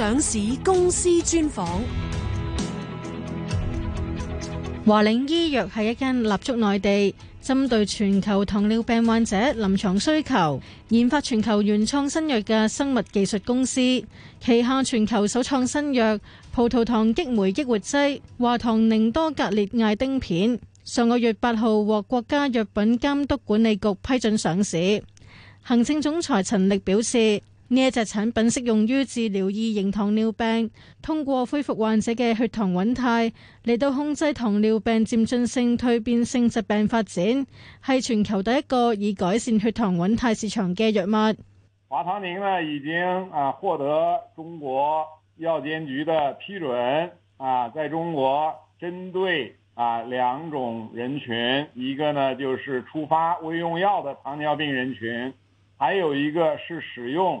上市公司專訪華領醫藥係一間立足內地、針對全球糖尿病患者臨床需求研發全球原創新藥嘅生物技術公司，旗下全球首創新藥葡萄糖激酶激活劑華堂寧多格列艾汀片，上個月八號獲國家藥品監督管理局批准上市。行政總裁陳力表示。呢一隻產品適用於治療二型糖尿病，通過恢復患者嘅血糖穩態嚟到控制糖尿病漸進性退變性疾病發展，係全球第一個以改善血糖穩態市場嘅藥物。華唐寧呢已經啊獲得中國藥監局嘅批准，啊，在中國針對啊兩種人群，一個呢就是初發未用藥的糖尿病人群，還有一個是使用。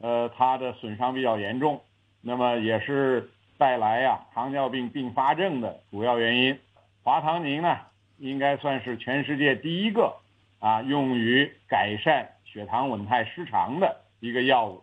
呃，它的損傷比較嚴重，那麼也是帶來啊糖尿病併發症的主要原因。華糖寧呢，應該算是全世界第一個啊用於改善血糖穩態失常的一個藥物。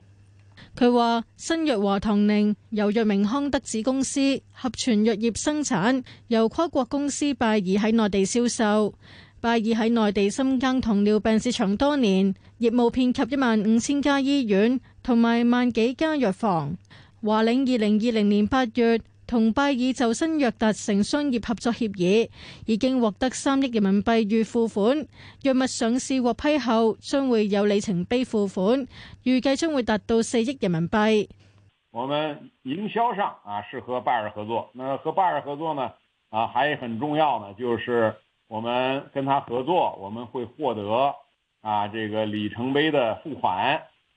佢話，新藥華糖寧由藥明康德子公司合全藥業生產，由跨國公司拜耳喺內地銷售。拜耳喺內地深耕糖尿病市場多年，業務遍及一萬五千家醫院。同埋萬幾家藥房，華領二零二零年八月同拜耳就新藥達成商業合作協議，已經獲得三億人民幣預付款。藥物上市獲批後，將會有里程碑付款，預計將會達到四億人民幣。我們營銷上啊是和拜耳合作，那和拜耳合作呢啊還很重要呢，就是我們跟他合作，我們會獲得啊這個里程碑的付款。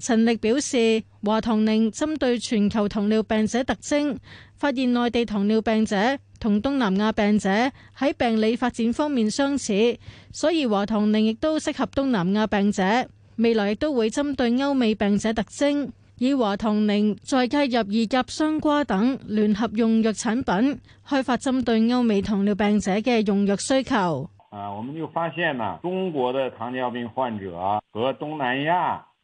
陳力表示，華糖寧針對全球糖尿病者特徵，發現內地糖尿病者同東南亞病者喺病理發展方面相似，所以華糖寧亦都適合東南亞病者。未來亦都會針對歐美病者特徵，以華糖寧再加入二甲雙胍等聯合用藥產品，開發針對歐美糖尿病者嘅用藥需求。啊，我們就發現啦，中國的糖尿病患者和東南亞。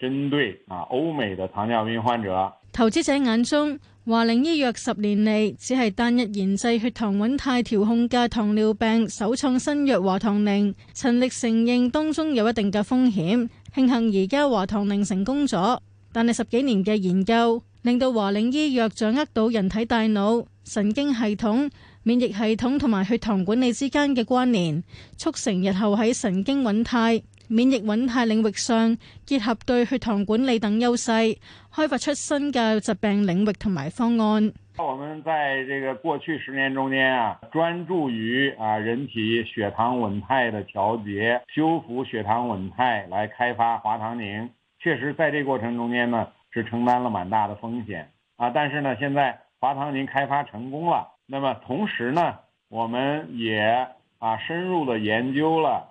針對啊，歐美的糖尿病患者，投資者眼中，華領醫藥十年嚟只係單一研製血糖穩態調控嘅糖尿病首創新藥華堂寧。陳力承認當中有一定嘅風險，慶幸而家華堂寧成功咗，但係十幾年嘅研究令到華領醫藥掌握到人體大腦神經系統、免疫系統同埋血糖管理之間嘅關聯，促成日後喺神經穩態。免疫穩態領域上結合對血糖管理等優勢，開發出新嘅疾病領域同埋方案。我們在這個過去十年中間啊，專注於啊人體血糖穩態的調節、修復血糖穩態，來開發華糖寧。確實，在這過程中間呢，是承擔了蠻大的風險啊！但是呢，現在華糖寧開發成功了，那麼同時呢，我們也啊深入的研究了。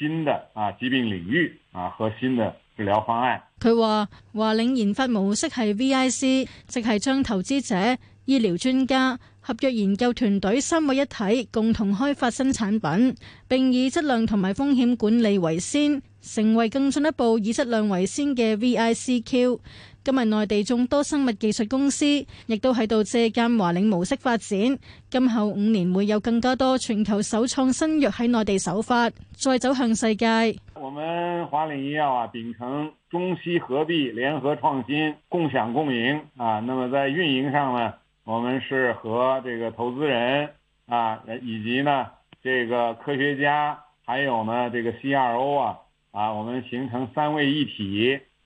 新的啊疾病領域啊和新的治療方案。佢話華領研發模式係 VIC，即係將投資者、醫療專家、合約研究團隊三位一體，共同開發新產品，並以質量同埋風險管理為先，成為更進一步以質量為先嘅 VICQ。今日內地眾多生物技術公司亦都喺度借鑑華領模式發展，今後五年會有更加多全球首創新藥喺內地首發，再走向世界。我們華領醫藥啊，秉承中西合璧、聯合創新、共享共贏啊。那麼在運營上呢，我們是和這個投資人啊，以及呢這個科學家，還有呢這個 CRO 啊，啊，我們形成三位一體。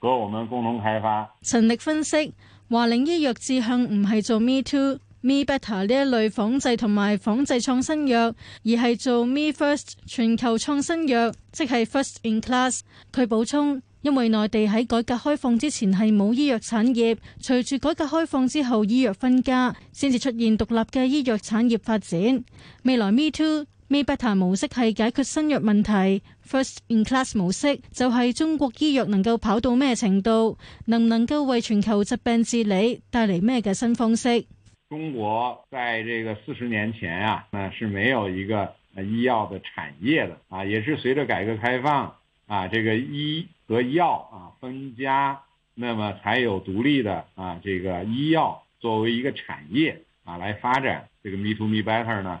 和我們共同開發。陳力分析華領醫藥志向唔係做 me too、me better 呢一類仿製同埋仿製創新藥，而係做 me first 全球創新藥，即係 first in class。佢補充，因為內地喺改革開放之前係冇醫藥產業，隨住改革開放之後醫藥分家，先至出現獨立嘅醫藥產業發展。未來 me too。Me better 模式係解決新藥問題，First in class 模式就係中國醫藥能夠跑到咩程度，能唔能夠為全球疾病治理帶嚟咩嘅新方式？中國在這個四十年前啊，嗯，是沒有一個醫藥的產業的啊，也是隨着改革開放啊，這個醫和藥啊分家，那麼才有獨立的啊這個醫藥作為一個產業啊來發展。這個 Me too Me better 呢？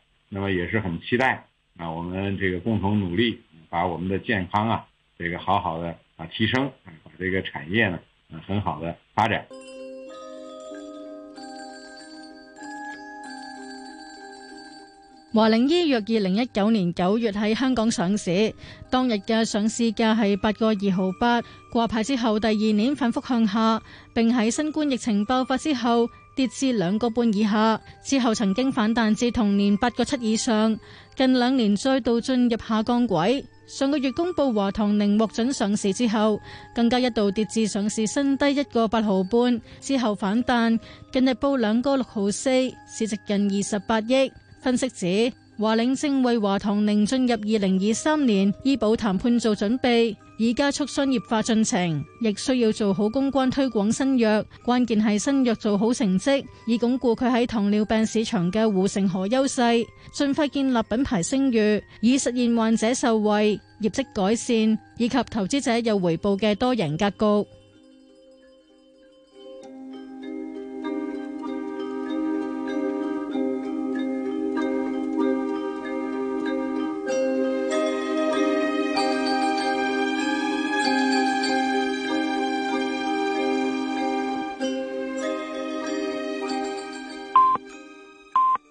那麼也是很期待啊！我們這個共同努力，把我們的健康啊，這個好好的啊提升，把這個產業呢，啊，很好的發展。華領醫藥二零一九年九月喺香港上市，當日嘅上市價係八個二毫八，掛牌之後第二年反覆向下，並喺新冠疫情爆發之後。跌至兩個半以下，之後曾經反彈至同年八個七以上，近兩年再度進入下降軌。上個月公布華堂寧獲准上市之後，更加一度跌至上市新低一個八毫半，之後反彈，近日報兩個六毫四，市值近二十八億。分析指華領正為華堂寧進入二零二三年醫保談判做準備。而加速商業化進程，亦需要做好公關推廣新藥。關鍵係新藥做好成績，以鞏固佢喺糖尿病市場嘅護城河優勢，盡快建立品牌聲譽，以實現患者受惠、業績改善以及投資者有回報嘅多贏格局。